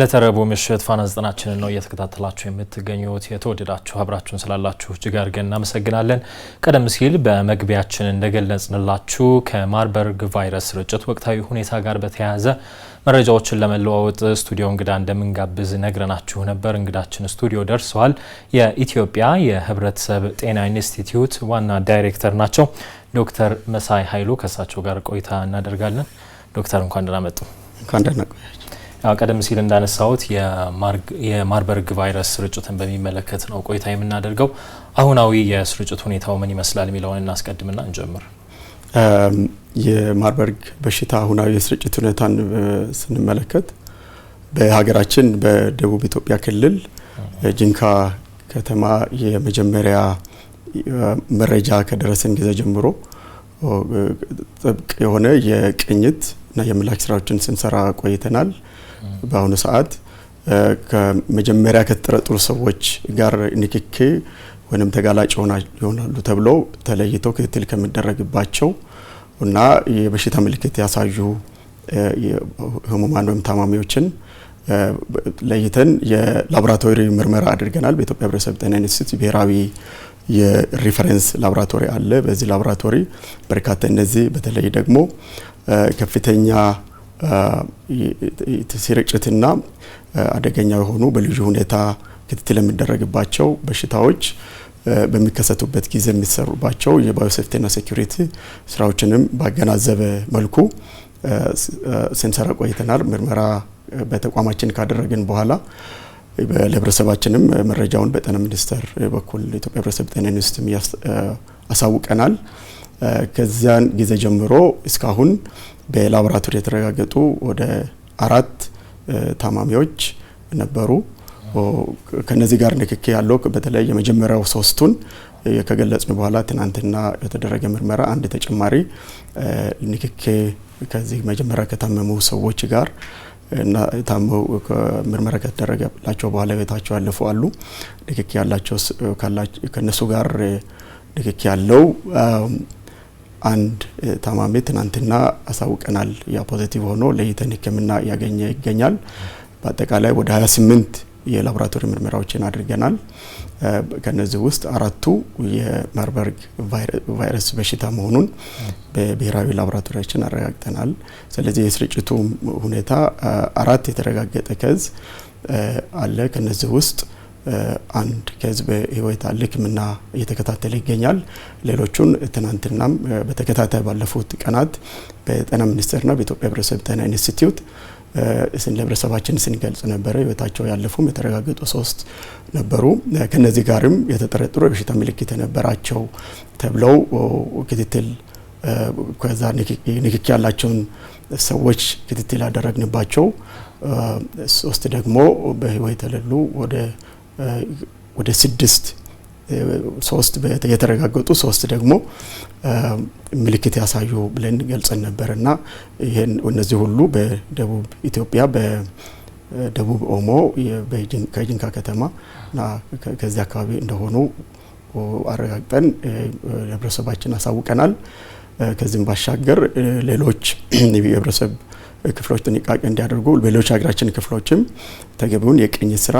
ለተረቡ ምሽት ፋና ዘጠናችንን ነው እየተከታተላችሁ የምትገኙት። የተወደዳችሁ አብራችሁን ስላላችሁ እጅግ አድርገን እናመሰግናለን። ቀደም ሲል በመግቢያችን እንደገለጽንላችሁ ከማርበርግ ቫይረስ ስርጭት ወቅታዊ ሁኔታ ጋር በተያያዘ መረጃዎችን ለመለዋወጥ ስቱዲዮ እንግዳ እንደምንጋብዝ ነግረናችሁ ነበር። እንግዳችን ስቱዲዮ ደርሰዋል። የኢትዮጵያ የህብረተሰብ ጤና ኢንስቲትዩት ዋና ዳይሬክተር ናቸው ዶክተር መሳይ ኃይሉ። ከእሳቸው ጋር ቆይታ እናደርጋለን። ዶክተር እንኳን ደህና መጡ። ቀደም ሲል እንዳነሳሁት የማርበርግ ቫይረስ ስርጭትን በሚመለከት ነው ቆይታ የምናደርገው። አሁናዊ የስርጭት ሁኔታው ምን ይመስላል የሚለውን እናስቀድምና እንጀምር። የማርበርግ በሽታ አሁናዊ የስርጭት ሁኔታን ስንመለከት በሀገራችን በደቡብ ኢትዮጵያ ክልል ጅንካ ከተማ የመጀመሪያ መረጃ ከደረሰን ጊዜ ጀምሮ ጥብቅ የሆነ የቅኝት እና የምላክ ስራዎችን ስንሰራ ቆይተናል። በአሁኑ ሰዓት ከመጀመሪያ ከተጠረጠሩ ሰዎች ጋር ንክኪ ወይም ተጋላጭ ይሆናሉ ተብሎ ተለይተው ክትትል ከሚደረግባቸው እና የበሽታ ምልክት ያሳዩ ህሙማን ወይም ታማሚዎችን ለይተን የላቦራቶሪ ምርመራ አድርገናል። በኢትዮጵያ ህብረተሰብ ጤና ኢንስቲትዩት ብሔራዊ የሪፈረንስ ላቦራቶሪ አለ። በዚህ ላቦራቶሪ በርካታ እነዚህ በተለይ ደግሞ ከፍተኛ ስርጭትና አደገኛ የሆኑ በልዩ ሁኔታ ክትትል የሚደረግባቸው በሽታዎች በሚከሰቱበት ጊዜ የሚሰሩባቸው የባዮሴፍቲና ሴኩሪቲ ስራዎችንም ባገናዘበ መልኩ ስንሰራ ቆይተናል። ምርመራ በተቋማችን ካደረግን በኋላ ለህብረተሰባችንም መረጃውን በጤና ሚኒስቴር በኩል ኢትዮጵያ ህብረተሰብ ጤና ኢንስቲትዩት አሳውቀናል። ከዚያን ጊዜ ጀምሮ እስካሁን በላቦራቶሪ የተረጋገጡ ወደ አራት ታማሚዎች ነበሩ። ከነዚህ ጋር ንክኪ ያለው በተለይ የመጀመሪያው ሶስቱን ከገለጽን በኋላ ትናንትና የተደረገ ምርመራ አንድ ተጨማሪ ንክኪ ከዚህ መጀመሪያ ከታመሙ ሰዎች ጋር እና ታመው ምርመራ ከተደረገላቸው በኋላ ቤታቸው ያለፉ አሉ። ንክኪ ያላቸው ከነሱ ጋር ንክኪ ያለው አንድ ታማሚ ትናንትና አሳውቀናል። ያ ፖዚቲቭ ሆኖ ለይተን ሕክምና ያገኘ ይገኛል። በአጠቃላይ ወደ 28 የላቦራቶሪ ምርመራዎችን አድርገናል። ከነዚህ ውስጥ አራቱ የመርበርግ ቫይረስ በሽታ መሆኑን በብሔራዊ ላቦራቶሪያችን አረጋግጠናል። ስለዚህ የስርጭቱ ሁኔታ አራት የተረጋገጠ ከዝ አለ። ከነዚህ ውስጥ አንድ ከህዝብ ህይወት ህክምና እየተከታተለ ይገኛል። ሌሎቹን ትናንትናም በተከታታይ ባለፉት ቀናት በጤና ሚኒስቴርና በኢትዮጵያ ህብረተሰብ ጤና ኢንስቲትዩት ለህብረተሰባችን ስንገልጽ ነበረ። ህይወታቸው ያለፉም የተረጋገጡ ሶስት ነበሩ። ከነዚህ ጋርም የተጠረጠሩ የበሽታ ምልክት የነበራቸው ተብለው ክትትል ከዛ ንክኪ ያላቸውን ሰዎች ክትትል ያደረግንባቸው ሶስት ደግሞ በህይወት የሌሉ ወደ ወደ ስድስት ሶስት የተረጋገጡ ሶስት ደግሞ ምልክት ያሳዩ ብለን ገልጸን ነበር እና ይህን እነዚህ ሁሉ በደቡብ ኢትዮጵያ በደቡብ ኦሞ ከጂንካ ከተማ እና ከዚህ አካባቢ እንደሆኑ አረጋግጠን ህብረተሰባችን አሳውቀናል። ከዚህም ባሻገር ሌሎች የህብረተሰብ ክፍሎች ጥንቃቄ እንዲያደርጉ ሌሎች ሀገራችን ክፍሎችም ተገቢውን የቅኝት ስራ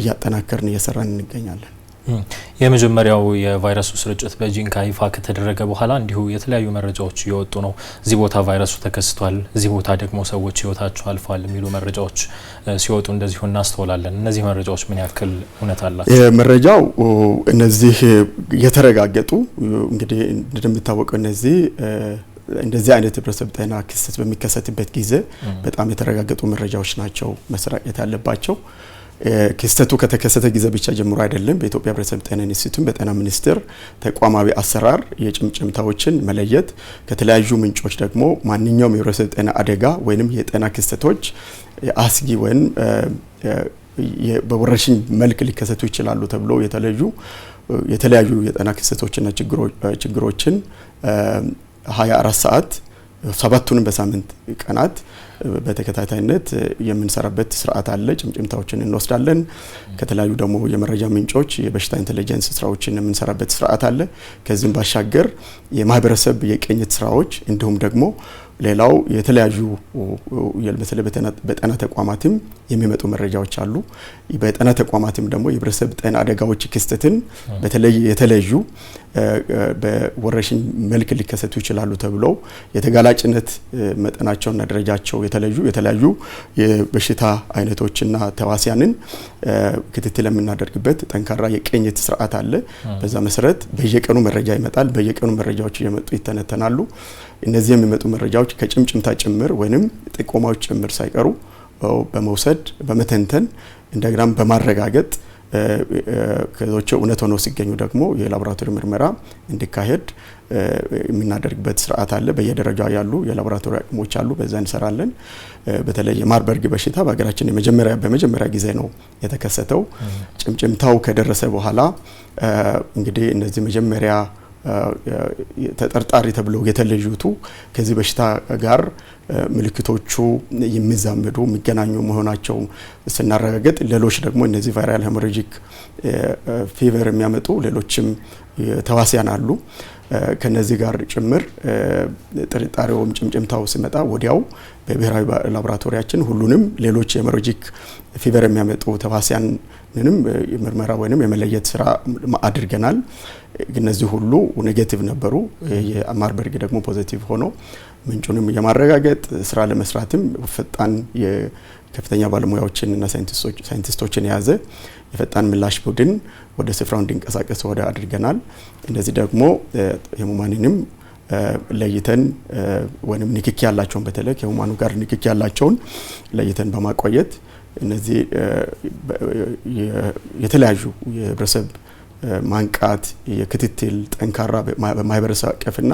እያጠናከርን እየሰራን እንገኛለን። የመጀመሪያው የቫይረሱ ስርጭት በጂንካ ይፋ ከተደረገ በኋላ እንዲሁ የተለያዩ መረጃዎች እየወጡ ነው። እዚህ ቦታ ቫይረሱ ተከስቷል፣ እዚህ ቦታ ደግሞ ሰዎች ህይወታቸው አልፏል የሚሉ መረጃዎች ሲወጡ እንደዚሁ እናስተውላለን። እነዚህ መረጃዎች ምን ያክል እውነት አላቸው? መረጃው እነዚህ የተረጋገጡ እንግዲህ እንደሚታወቀው እነዚህ እንደዚህ አይነት ህብረተሰብ ጤና ክስተት በሚከሰትበት ጊዜ በጣም የተረጋገጡ መረጃዎች ናቸው መሰራጨት ያለባቸው። ክስተቱ ከተከሰተ ጊዜ ብቻ ጀምሮ አይደለም። በኢትዮጵያ ሕብረተሰብ ጤና ኢንስቲትዩት በጤና ሚኒስቴር ተቋማዊ አሰራር የጭምጭምታዎችን መለየት ከተለያዩ ምንጮች ደግሞ ማንኛውም የሕብረተሰብ ጤና አደጋ ወይም የጤና ክስተቶች አስጊ ወይም በወረርሽኝ መልክ ሊከሰቱ ይችላሉ ተብሎ የተለዩ የተለያዩ የጤና ክስተቶችና ችግሮችን 24 ሰዓት ሰባቱንም በሳምንት ቀናት በተከታታይነት የምንሰራበት ስርዓት አለ። ጭምጭምታዎችን እንወስዳለን። ከተለያዩ ደግሞ የመረጃ ምንጮች የበሽታ ኢንቴሊጀንስ ስራዎችን የምንሰራበት ስርዓት አለ። ከዚህም ባሻገር የማህበረሰብ የቅኝት ስራዎች እንዲሁም ደግሞ ሌላው የተለያዩ በተለይ በጤና ተቋማትም የሚመጡ መረጃዎች አሉ። በጤና ተቋማትም ደግሞ የህብረተሰብ ጤና አደጋዎች ክስተትን በተለይ የተለዩ በወረሽኝ መልክ ሊከሰቱ ይችላሉ ተብለው የተጋላጭነት መጠናቸውና ደረጃቸው የተለዩ የተለያዩ የበሽታ አይነቶችና ተዋሲያንን ክትትል የምናደርግበት ጠንካራ የቅኝት ስርዓት አለ። በዛ መሰረት በየቀኑ መረጃ ይመጣል። በየቀኑ መረጃዎች እየመጡ ይተነተናሉ። እነዚህ የሚመጡ መረጃዎች መረጃዎች ከጭምጭምታ ጭምር ወይም ጥቆማዎች ጭምር ሳይቀሩ በመውሰድ በመተንተን እንደገናም በማረጋገጥ ከዞቹ እውነት ሆነው ሲገኙ ደግሞ የላቦራቶሪ ምርመራ እንዲካሄድ የምናደርግበት ስርዓት አለ። በየደረጃ ያሉ የላቦራቶሪ አቅሞች አሉ፣ በዛ እንሰራለን። በተለይ የማርበርግ በሽታ በሀገራችን የመጀመሪያ በመጀመሪያ ጊዜ ነው የተከሰተው። ጭምጭምታው ከደረሰ በኋላ እንግዲህ እነዚህ መጀመሪያ ተጠርጣሪ ተብለው የተለዩቱ ከዚህ በሽታ ጋር ምልክቶቹ የሚዛመዱ የሚገናኙ መሆናቸው ስናረጋግጥ፣ ሌሎች ደግሞ እነዚህ ቫይራል ሄሞሬጂክ ፊቨር የሚያመጡ ሌሎችም ተዋሲያን አሉ። ከነዚህ ጋር ጭምር ጥርጣሬውም ጭምጭምታው ሲመጣ ወዲያው በብሔራዊ ላቦራቶሪያችን ሁሉንም ሌሎች ሄሞሬጂክ ፊቨር የሚያመጡ ተዋሲያን ምንም የምርመራ ወይም የመለየት ስራ አድርገናል። እነዚህ ሁሉ ኔጌቲቭ ነበሩ። የማርበርግ ደግሞ ፖዘቲቭ ሆኖ ምንጩንም የማረጋገጥ ስራ ለመስራትም ፈጣን ከፍተኛ ባለሙያዎችን እና ሳይንቲስቶችን የያዘ የፈጣን ምላሽ ቡድን ወደ ስፍራው እንዲንቀሳቀስ ወደ አድርገናል። እንደዚህ ደግሞ የሙማንንም ለይተን ወይም ንክኪ ያላቸውን በተለይ ከሙማኑ ጋር ንክኪ ያላቸውን ለይተን በማቆየት እነዚህ የተለያዩ የህብረተሰብ ማንቃት የክትትል ጠንካራ በማህበረሰብ አቀፍና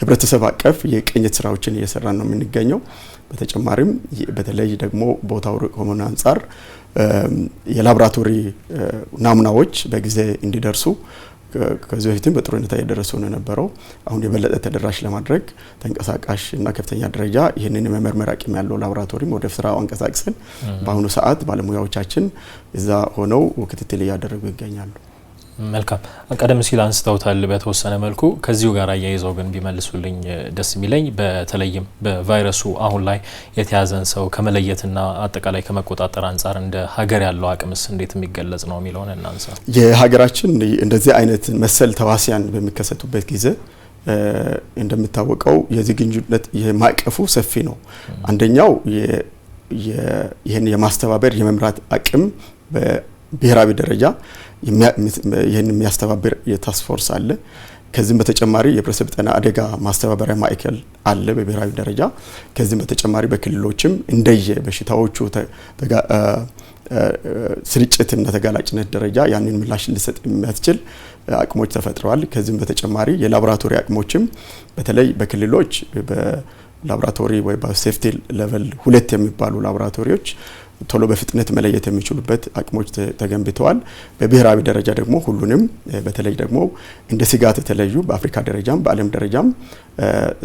ህብረተሰብ አቀፍ የቅኝት ስራዎችን እየሰራ ነው የምንገኘው። በተጨማሪም በተለይ ደግሞ ቦታው ሩቅ ከመሆኑ አንጻር የላብራቶሪ ናሙናዎች በጊዜ እንዲደርሱ ከዚህ በፊትም በጥሩ ሁኔታ እየደረሱ ነው የነበረው። አሁን የበለጠ ተደራሽ ለማድረግ ተንቀሳቃሽ እና ከፍተኛ ደረጃ ይህንን የመመርመር አቅም ያለው ላቦራቶሪም ወደ ስራ አንቀሳቅሰን በአሁኑ ሰዓት ባለሙያዎቻችን እዛ ሆነው ክትትል እያደረጉ ይገኛሉ። መልካም ቀደም ሲል አንስተውታል በተወሰነ መልኩ ከዚሁ ጋር አያይዘው ግን ቢመልሱልኝ ደስ የሚለኝ በተለይም በቫይረሱ አሁን ላይ የተያዘን ሰው ከመለየትና አጠቃላይ ከመቆጣጠር አንጻር እንደ ሀገር ያለው አቅምስ እንዴት የሚገለጽ ነው የሚለውን እናንሳ። የሀገራችን እንደዚህ አይነት መሰል ተዋሲያን በሚከሰቱበት ጊዜ እንደሚታወቀው የዝግጁነት የማቀፉ ሰፊ ነው። አንደኛው ይህን የማስተባበር የመምራት አቅም በብሔራዊ ደረጃ ይህን የሚያስተባብር የታስክፎርስ አለ። ከዚህም በተጨማሪ የህብረተሰብ ጤና አደጋ ማስተባበሪያ ማዕከል አለ በብሔራዊ ደረጃ። ከዚህም በተጨማሪ በክልሎችም እንደየ በሽታዎቹ ስርጭትና ተጋላጭነት ደረጃ ያንን ምላሽ ልሰጥ የሚያስችል አቅሞች ተፈጥረዋል። ከዚህም በተጨማሪ የላቦራቶሪ አቅሞችም በተለይ በክልሎች በላቦራቶሪ ወይ በሴፍቲ ሌቨል ሁለት የሚባሉ ላቦራቶሪዎች ቶሎ በፍጥነት መለየት የሚችሉበት አቅሞች ተገንብተዋል። በብሔራዊ ደረጃ ደግሞ ሁሉንም በተለይ ደግሞ እንደ ስጋት የተለዩ በአፍሪካ ደረጃም በዓለም ደረጃም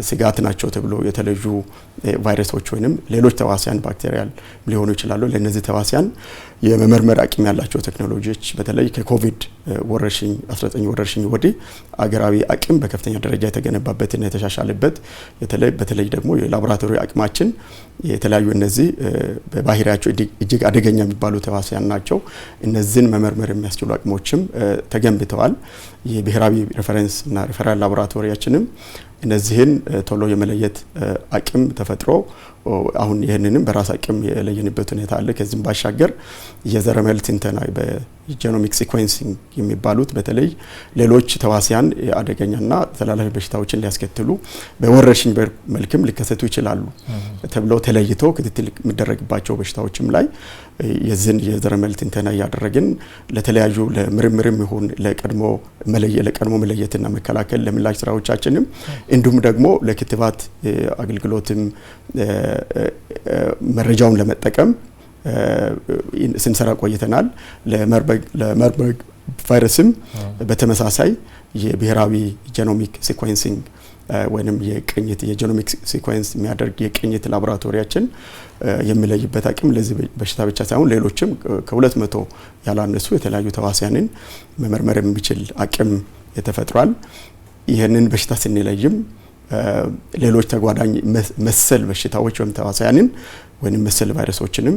ስጋት ናቸው ተብሎ የተለዩ ቫይረሶች ወይም ሌሎች ተዋሲያን ባክቴሪያል ሊሆኑ ይችላሉ። ለእነዚህ ተዋሲያን የመመርመር አቅም ያላቸው ቴክኖሎጂዎች በተለይ ከኮቪድ ወረርሽኝ 19 ወረርሽኝ ወዲህ አገራዊ አቅም በከፍተኛ ደረጃ የተገነባበትና የተሻሻለበት በተለይ ደግሞ የላቦራቶሪ አቅማችን የተለያዩ እነዚህ በባህሪያቸው እጅግ አደገኛ የሚባሉ ተዋሲያን ናቸው። እነዚህን መመርመር የሚያስችሉ አቅሞችም ተገንብተዋል። የብሔራዊ ሬፈረንስ እና ሪፈራል ላቦራቶሪያችንም እነዚህን ቶሎ የመለየት አቅም ተፈጥሮ አሁን ይህንንም በራስ አቅም የለየንበት ሁኔታ አለ። ከዚህም ባሻገር የዘረመል ትንተና በጀኖሚክ ሲኮንሲንግ የሚባሉት በተለይ ሌሎች ተዋሲያን አደገኛና ተላላፊ በሽታዎችን ሊያስከትሉ በወረርሽኝ መልክም ሊከሰቱ ይችላሉ ተብለው ተለይቶ ክትትል የሚደረግባቸው በሽታዎችም ላይ የዚህን የዘረመል ትንተና እያደረግን ለተለያዩ ለምርምርም ይሁን ለቀድሞ መለየትና መከላከል ለምላሽ ስራዎቻችንም እንዲሁም ደግሞ ለክትባት አገልግሎትም መረጃውን ለመጠቀም ስንሰራ ቆይተናል። ለመርበርግ ቫይረስም በተመሳሳይ የብሔራዊ ጀኖሚክ ሲኮንሲንግ ወይም የቅኝት የጀኖሚክ ሲኮንስ የሚያደርግ የቅኝት ላቦራቶሪያችን የሚለይበት አቅም ለዚህ በሽታ ብቻ ሳይሆን ሌሎችም ከሁለት መቶ ያላነሱ የተለያዩ ተዋሲያንን መመርመር የሚችል አቅም ተፈጥሯል። ይህንን በሽታ ስንለይም ሌሎች ተጓዳኝ መሰል በሽታዎች ወይም ተዋሳያንን ወይም መሰል ቫይረሶችንም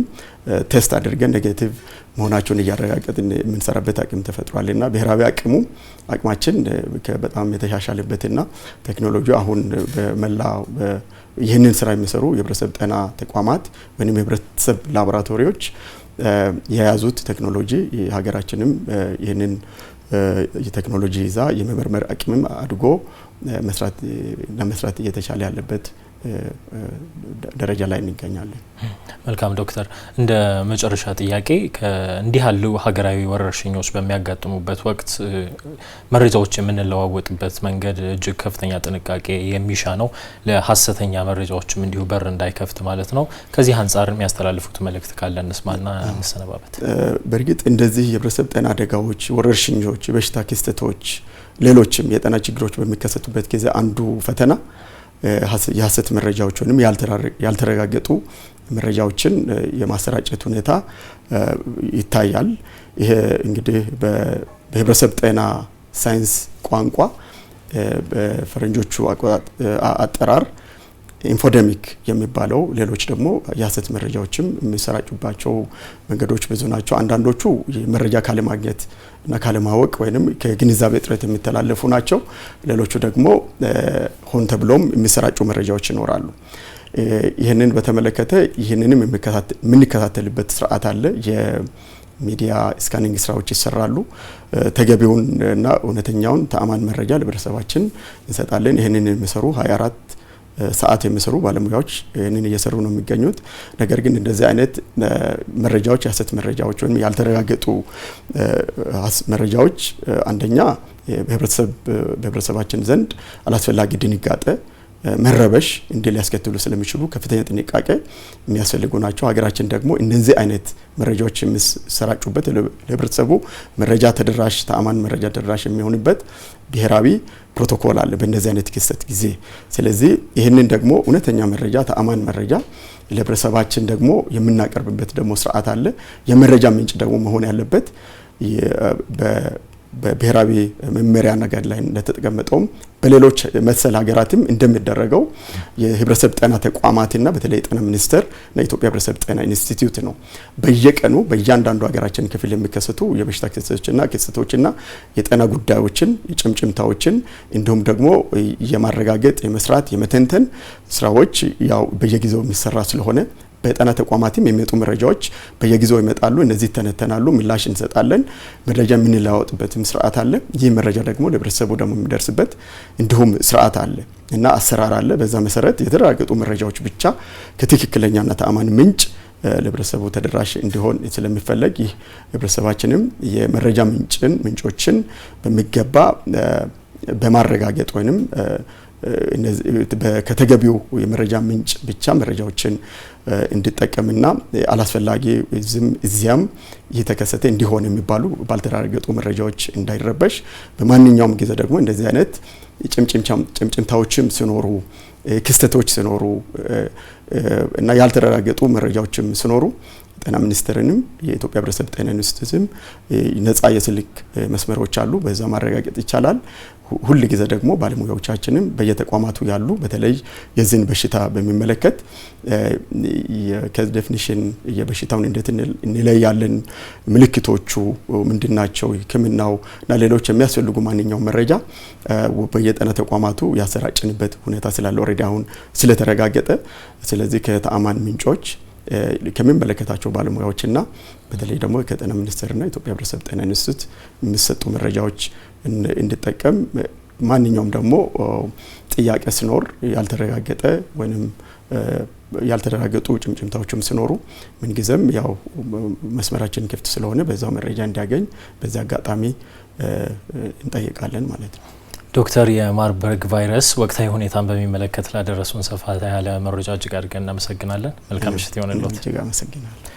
ቴስት አድርገን ኔጌቲቭ መሆናቸውን እያረጋገጥን የምንሰራበት አቅም ተፈጥሯል እና ብሔራዊ አቅሙ አቅማችን በጣም የተሻሻለበትና ቴክኖሎጂ አሁን በመላ ይህንን ስራ የሚሰሩ የህብረተሰብ ጤና ተቋማት ወይም የህብረተሰብ ላቦራቶሪዎች የያዙት ቴክኖሎጂ ሀገራችንም ይህንን የቴክኖሎጂ ይዛ የመመርመር አቅምም አድጎ ለመስራት እየተቻለ ያለበት ደረጃ ላይ እንገኛለን። መልካም ዶክተር፣ እንደ መጨረሻ ጥያቄ እንዲህ ያሉ ሀገራዊ ወረርሽኞች በሚያጋጥሙበት ወቅት መረጃዎች የምንለዋወጥበት መንገድ እጅግ ከፍተኛ ጥንቃቄ የሚሻ ነው። ለሀሰተኛ መረጃዎችም እንዲሁ በር እንዳይከፍት ማለት ነው። ከዚህ አንጻር የሚያስተላልፉት መልእክት ካለ እንስማና እንሰነባበት። በእርግጥ እንደዚህ የህብረተሰብ ጤና አደጋዎች፣ ወረርሽኞች፣ የበሽታ ክስተቶች ሌሎችም የጤና ችግሮች በሚከሰቱበት ጊዜ አንዱ ፈተና የሀሰት መረጃዎች ወይም ያልተረጋገጡ መረጃዎችን የማሰራጨት ሁኔታ ይታያል። ይሄ እንግዲህ በህብረተሰብ ጤና ሳይንስ ቋንቋ በፈረንጆቹ አጠራር ኢንፎደሚክ የሚባለው ሌሎች ደግሞ የሀሰት መረጃዎችም የሚሰራጩባቸው መንገዶች ብዙ ናቸው። አንዳንዶቹ መረጃ ካለማግኘት እና ካለማወቅ ወይም ከግንዛቤ እጥረት የሚተላለፉ ናቸው። ሌሎቹ ደግሞ ሆን ተብሎም የሚሰራጩ መረጃዎች ይኖራሉ። ይህንን በተመለከተ ይህንንም የምንከታተልበት ስርዓት አለ። የሚዲያ ስካኒንግ ስራዎች ይሰራሉ። ተገቢውን እና እውነተኛውን ተአማን መረጃ ለህብረተሰባችን እንሰጣለን። ይህንን የሚሰሩ 24 ሰዓት የሚሰሩ ባለሙያዎች ይህንን እየሰሩ ነው የሚገኙት። ነገር ግን እንደዚህ አይነት መረጃዎች የሀሰት መረጃዎች ወይም ያልተረጋገጡ መረጃዎች አንደኛ በህብረተሰባችን ዘንድ አላስፈላጊ ድንጋጤ መረበሽ እንዲህ ሊያስከትሉ ስለሚችሉ ከፍተኛ ጥንቃቄ የሚያስፈልጉ ናቸው። ሀገራችን ደግሞ እንደዚህ አይነት መረጃዎች የሚሰራጩበት ለህብረተሰቡ መረጃ ተደራሽ ተአማን መረጃ ተደራሽ የሚሆንበት ብሔራዊ ፕሮቶኮል አለ በእንደዚህ አይነት ክስተት ጊዜ። ስለዚህ ይህንን ደግሞ እውነተኛ መረጃ ተአማን መረጃ ለህብረተሰባችን ደግሞ የምናቀርብበት ደግሞ ስርዓት አለ። የመረጃ ምንጭ ደግሞ መሆን ያለበት በብሔራዊ መመሪያ ነገር ላይ እንደተቀመጠውም በሌሎች መሰል ሀገራትም እንደሚደረገው የህብረተሰብ ጤና ተቋማትና በተለይ የጤና ሚኒስቴር እና የኢትዮጵያ ህብረተሰብ ጤና ኢንስቲትዩት ነው በየቀኑ በእያንዳንዱ ሀገራችን ክፍል የሚከሰቱ የበሽታ ክስተቶችና ክስተቶችና የጤና ጉዳዮችን የጭምጭምታዎችን እንዲሁም ደግሞ የማረጋገጥ የመስራት የመተንተን ስራዎች ያው በየጊዜው የሚሰራ ስለሆነ በጤና ተቋማትም የሚመጡ መረጃዎች በየጊዜው ይመጣሉ። እነዚህ ተነተናሉ፣ ምላሽ እንሰጣለን። መረጃ የምንለዋወጥበትም ስርዓት አለ። ይህ መረጃ ደግሞ ለህብረተሰቡ ደግሞ የሚደርስበት እንዲሁም ስርዓት አለ እና አሰራር አለ። በዛ መሰረት የተረጋገጡ መረጃዎች ብቻ ከትክክለኛና ተአማን ምንጭ ለህብረተሰቡ ተደራሽ እንዲሆን ስለሚፈለግ ይህ ህብረተሰባችንም የመረጃ ምንጭን ምንጮችን በሚገባ በማረጋገጥ ወይም ከተገቢው የመረጃ ምንጭ ብቻ መረጃዎችን እንድጠቀምና አላስፈላጊ ዝም እዚያም እየተከሰተ እንዲሆን የሚባሉ ባልተረጋገጡ መረጃዎች እንዳይረበሽ፣ በማንኛውም ጊዜ ደግሞ እንደዚህ አይነት ጭምጭምታዎችም ሲኖሩ ክስተቶች ሲኖሩ እና ያልተረጋገጡ መረጃዎችም ሲኖሩ ጤና ሚኒስቴርንም የኢትዮጵያ ህብረተሰብ ጤና ኢንስቲትዩትም ነጻ የስልክ መስመሮች አሉ። በዛ ማረጋገጥ ይቻላል። ሁል ጊዜ ደግሞ ባለሙያዎቻችንም በየተቋማቱ ያሉ በተለይ የዚህን በሽታ በሚመለከት ከዴፊኒሽን የበሽታውን እንዴት እንለያለን፣ ምልክቶቹ ምንድናቸው፣ ሕክምናው እና ሌሎች የሚያስፈልጉ ማንኛውም መረጃ በየጤና ተቋማቱ ያሰራጭንበት ሁኔታ ስላለ ኦልሬዲ አሁን ስለተረጋገጠ ስለዚህ ከተአማን ምንጮች ከሚመለከታቸው ባለሙያዎችና በተለይ ደግሞ ከጤና ሚኒስቴርና ኢትዮጵያ ሕብረተሰብ ጤና ኢንስቲትዩት የሚሰጡ መረጃዎች እንድጠቀም ማንኛውም ደግሞ ጥያቄ ሲኖር ያልተረጋገጠ ወይም ያልተረጋገጡ ጭምጭምታዎችም ሲኖሩ ምንጊዜም ያው መስመራችን ክፍት ስለሆነ በዛው መረጃ እንዲያገኝ በዚህ አጋጣሚ እንጠይቃለን ማለት ነው። ዶክተር የማርበርግ ቫይረስ ወቅታዊ ሁኔታን በሚመለከት ላደረሱን ሰፋ ያለ መረጃ እጅግ አድርገን እናመሰግናለን። መልካም ምሽት ይሆንልዎት።